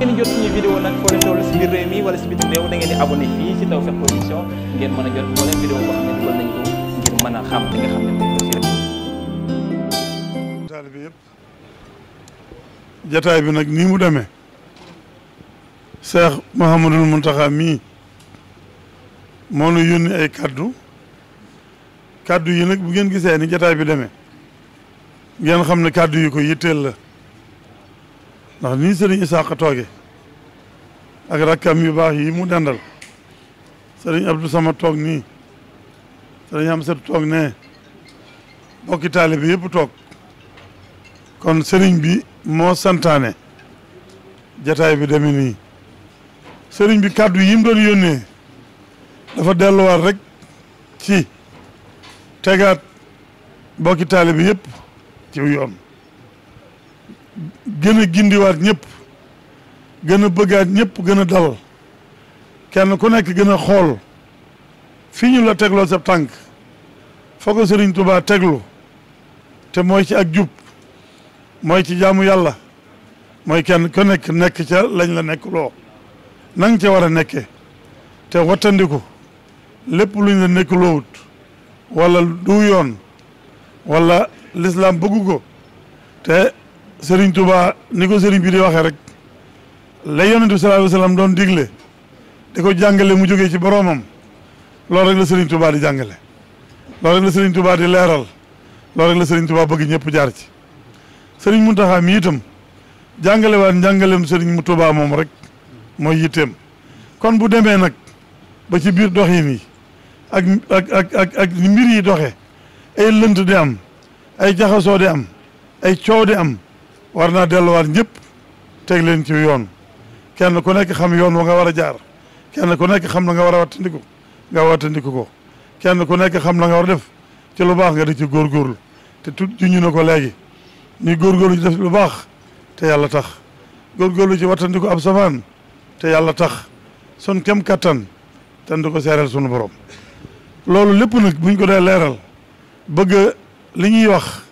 ngeen jot suñu vidéo nag foo leen toll si biir réew mi wala si bitim réew da ngeen di abonné fii si Tawfekh Production ngeen mën jot moo leen vidéo boo xam ne nañ ko ngir mën xam li nga xam ne moom la rek. taalibe yëpp jataay bi nag mu Cheikh ay yi bu ngeen ni bi ngeen yi ko la. ndax ni sëriñ Isaaqa tooge ak rakkam yu baax yi mu dendal sëriñ Abdou sama toog nii sëriñ Amsatu toog nee bokki taalibe bi yëpp toog kon sëriñ bi moo santaane jataay bi demee nii sëriñ bi kàddu yim mu doon yónnee dafa delluwaat rek ci tegaat bokki taalibe bi yëpp ci yoon gën a gindiwaat ñëpp gën bëggaat ñëpp gën a dal kenn ku nekk gën a xool fii ñu la tegloo sa tànk foo sëriñ tubaa teglu te mooy ci ak jub mooy ci jaamu yàlla mooy kenn ku nekk nekk ca lañ la nekkuloo loo nang ca war a nekke te wattandiku lépp luñ la nekk loowut wala walla lislaam bëggu ko te Serigne Touba ni ko sëriñ bi di waxee rek la yonent bi sallallahu doon digle di ko jàngale mu jóge ci boroomam loolu rek la Serigne Touba di jàngale loolu rek la Serigne Touba di leeral loolu rek la Serigne Touba bëgg ñëpp jaar ci Serigne Mountakha mi itam jàngale waat njàngaleem Serigne mu Touba moom rek mooy yitteem kon bu demee nag ba ci biir doxin yi ak ak ak ak ak yi doxe ay lënt di am ay jaxasoo di am ay coow di am war naa delluwaat ñëpp teg leen ci yoon kenn ku nekk xam yoon wa nga war a jaar kenn ku nekk xam la nga war a wattandiku nga wattandiku ko kenn ku nekk xam la nga war a def ci lu baax nga di ci góor góorlu te tu juñu na ko léegi ñuy góorgóorlu ci def lu baax te yàlla tax góor góorgóorlu ci wattandiku ab safaan te yàlla tax sun kem kattan ten di ko seereel sunu borom loolu lépp nag buñ ko dee leeral bëgg li ñuy wax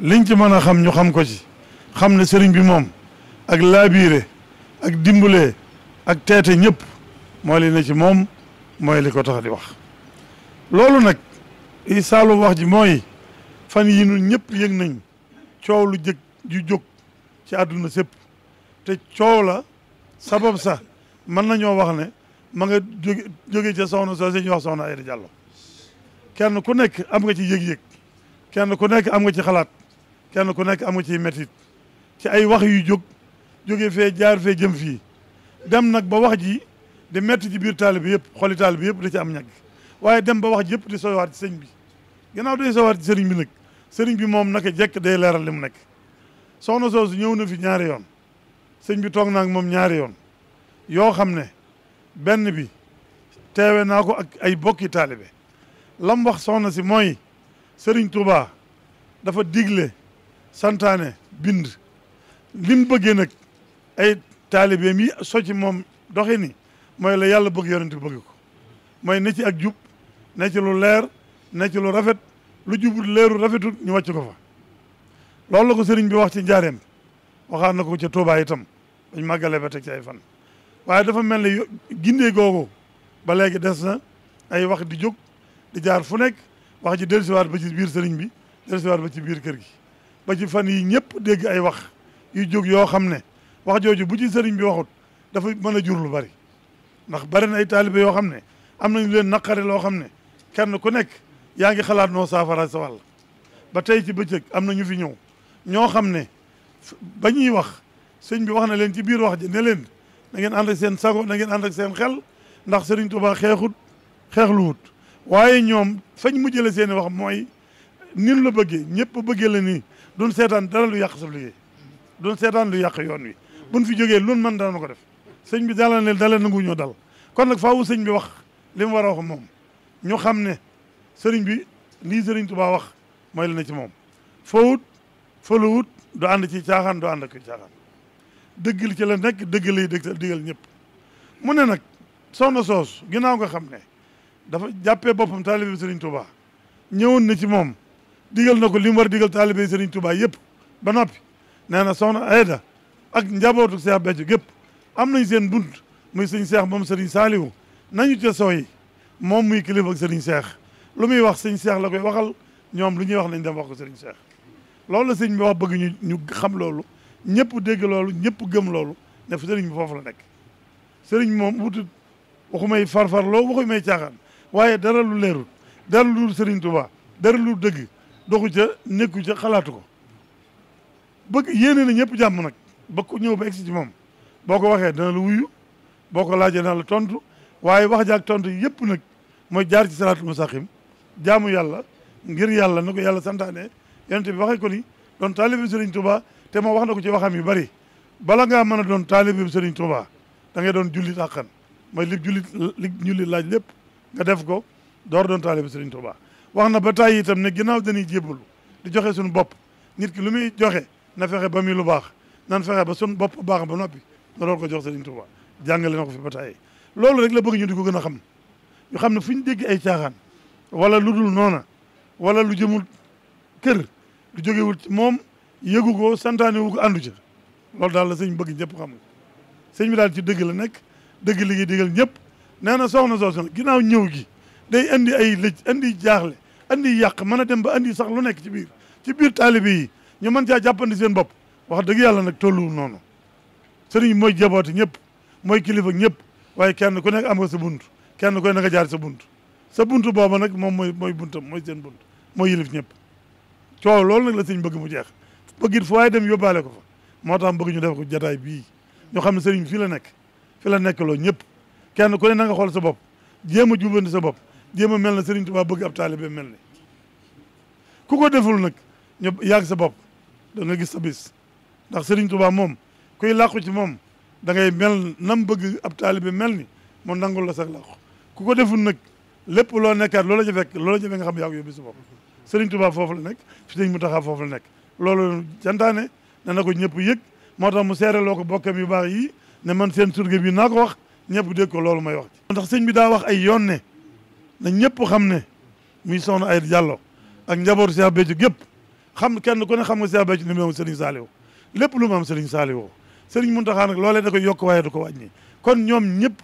liñ ci mën a xam ñu xam ko ci xam ne sëriñ bi moom ak laabiire ak dimbale ak teete ñëpp mooy li ne ci moom mooy li ko tax di wax loolu nag i saalu wax ji mooy fan yi ñun ñëpp yëg nañ coow lu jëkk ju jóg ci àdduna sëpp te coow la sabab sa mën nañoo wax ne mën nga jóge jóge ca soxna soo si ñu wax soxna Aida Diallo kenn ku nekk am nga ci yëg-yëg kenn ku nekk am nga ci xalaat kenn ku nekk am nga ci métit ci ay wax yu jóg jóge fee jaar fee jëm fii dem nag ba wax ji di metti ci biir taalibe yëpp xoli taalibe yëpp da ci am ñag waaye dem ba wax ji yëpp di sowaat sëñ bi gannaaw day sowaat ci sëriñ bi nag sëriñ bi moom nag jekk day leeral li mu nekk soxna soosu ñëw na fi ñaari yoon sëñ bi toog naa moom ñaari yoon yoo xam ne benn bi teewe naa ko ak ay bokki taalibe lam wax soxna si mooy sëriñ Touba dafa digle santaane bind lim bëggee nag ay taalibeem yi so ci moom doxi ni mooy la yàlla bëgg yonent bi bëgg ko mooy ne ci ak jub ne ci lu leer ne ci lu rafet lu jubut leeru rafetut ñu wàcc ko fa loolu la ko sëriñ bi wax ci njaareem waxaat na ko ca Tuubaa itam dañ màggalee ba teg ci ay fan waaye dafa mel ne gindee googu ba léegi des na ay wax di jóg di jaar fu nekk wax ji dellusiwaat ba ci biir sëriñ bi dellusiwaat ba ci biir kër gi ba ci fan yi ñëpp dégg ay wax yu jóg yoo xam ne wax jooju bu ci sëriñ bi waxut dafa mën a jur lu bari ndax bari na ay taalibe yoo xam ne am nañu leen naqare loo xam ne kenn ku nekk yaa ngi xalaat noo saafara sawal ba tey ci bëccëg am na ñu fi ñëw ñoo xam ne ba wax sëñ bi wax na leen ci biir wax ji ne leen na ngeen ànd seen sago na ngeen ànd ak seen xel ndax sëriñ Tuubaa xeexut xeexluwut waaye ñoom fañ mujjële seen i wax mooy nin la bëggee ñëpp bëggee la nii duñ seetaan dara lu yàq sa duñ seetaan lu yàq yoon wi buñ fi jógee lun mën dana ko def sëñ bi dalal ne dalal nangu ñoo dal kon nag faawu sëñ bi wax lim war a wax moom ñu xam ne sëriñ bi lii sëriñ Tuubaa wax mooy la ne ci moom fawut faluwut du ànd ci caaxaan du ànd ak caaxaan dëgg li ci la nekk dëgg lay dëgg digal ñëpp mu ne nag soona soos ginnaaw nga xam ne dafa jàppee boppam taalibe sëriñ tubaa ñëwoon na ci moom digal na ko li mu war digal taalibe sëriñ Tuubaa yëpp ba noppi nee na soxna Aida ak njabootu Seex Béthio gépp am nañ seen bunt muy sëñ Seex moom sëriñ Saaliwu nañu ca sooy moom muy kilifa ak sëriñ Seex lu muy wax sëñ Seex la koy waxal ñoom lu ñuy wax nañ dem wax ko sëriñ Seex loolu la sëñ bi wax bëgg ñu ñu xam loolu ñëpp dégg loolu ñëpp gëm loolu ne sëriñ bi foofu la nekk sëriñ moom wutut waxumay farfar loo waxumay caaxaan waaye dara lu leerul dara lu Sëriñ Tuubaa dara lu dëgg doxu ca nekku ca xalaatu ko bëgg yéene na ñëpp jàmm nag ba ñëw ba egsi ci moom boo ko waxee dana la wuyu boo ko laajee dana la tontu waaye wax jaak tontu yëpp nag mooy jaar ci salaatul mustaqim jaamu yàlla ngir yàlla na ko yàlla santaane yonent bi waxee ko ni doon taalibe Serigne Touba te moo wax na ko ci waxam yu bari bala ngaa mën a doon taalibe Serigne Touba da ngay doon jullit àqan mooy li julli li jullit laaj lépp nga def ko door doon taalibe Serigne Touba wax na ba tàyyi itam ne ginnaaw dañuy jébbalu joxe suñu bopp nit ki lu muy joxe na fexe ba muy lu baax nan fexe ba sun bopp baax ba noppi na doon ko jox Serigne Touba jàngale na ko fi ba tàyyi loolu rek la bëgg ñu di ko gën a xam ñu xam ne fu dégg ay caaxaan wala lu dul noona wala lu jëmul kër lu jógewul ci moom yëgu ko santaane wu ko àndu ca loolu daal la sëñ bëgg ñëpp xam nga sëñ bi daal ci dëgg la nekk dëgg li ngi digal ñëpp nee na soxna soosu nag ginnaaw ñëw gi day andi ay lëj andi jaaxle andi yàq mën dem ba andi sax lu nekk ci biir ci biir taalibe yi ñu mën caa jàppandi seen bopp wax dëgg yàlla nag tolluwu noonu sëriñ mooy jaboote ñëpp mooy kilifa ñëpp waaye kenn ku nekk am nga sa bunt kenn ku ne jaar sa bunt sa bunt booba nag mooy mooy buntam mooy seen bunt mooy yilif ñëpp coow loolu nag la sëriñ bëgg mu jeex bëggit fu waaye dem yóbbaale ko fa moo tax bëgg ñu def ko jataay bii ñu xam ne sëriñ fii la nekk fi la nekk loo ñëpp kenn ku ne na nga xool sa bopp jéem a jubandi sa bopp jéem a mel na sëriñ Tuubaa bëgg ab taalibe mel ni ku ko deful nag ñu yàgg sa bopp da nga gis sa bis ndax sëriñ Touba moom kuy làqu ci moom da ngay mel nam bëgg ab taalibe mel ni mu nangul la sax làqu ku ko deful nag lépp loo nekkaat loola ci fekk loola ci fekk nga xam yaa ko yóbbu sa bopp Serigne foofu la nekk Serigne Mountakha foofu la nekk loolu jantaane ne ko ñëpp yëg moo tax mu loo ko bokkam yu baax yi ne man seen surge bi naa ko wax ñëpp dégg ko loolu may wax ci ndax sëñ bi daa wax ay yoon ne na ñëpp xam ne muy soxna ay jàlloo ak njaboot Cheikh Béthio gépp xam kenn ku ne xam nga Cheikh Béthio li mu am Serigne Saliou lépp lu mu am Serigne Saliou Serigne Mountakha nag loolee da yokk waaye du ko wàññi kon ñoom ñëpp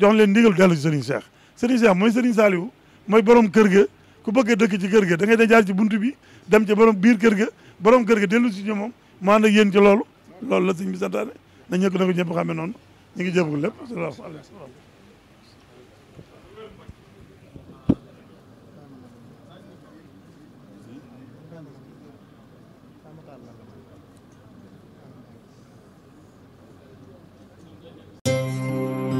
jox leen ndigal dellu ci Serigne Cheikh Serigne mooy Serigne Saliou mooy borom kër ga ku bëgg a dëkk ci kër ga da ngay da jaar ci buntu bi dem ci borom biir kër borom kër ga dellu si ci moom mu ànd yéen ci loolu loolu la sëñ bi santaane na ñëkk na ko ñëpp xamee noonu ñu ngi jëbul lépp sallallahu alayhi wa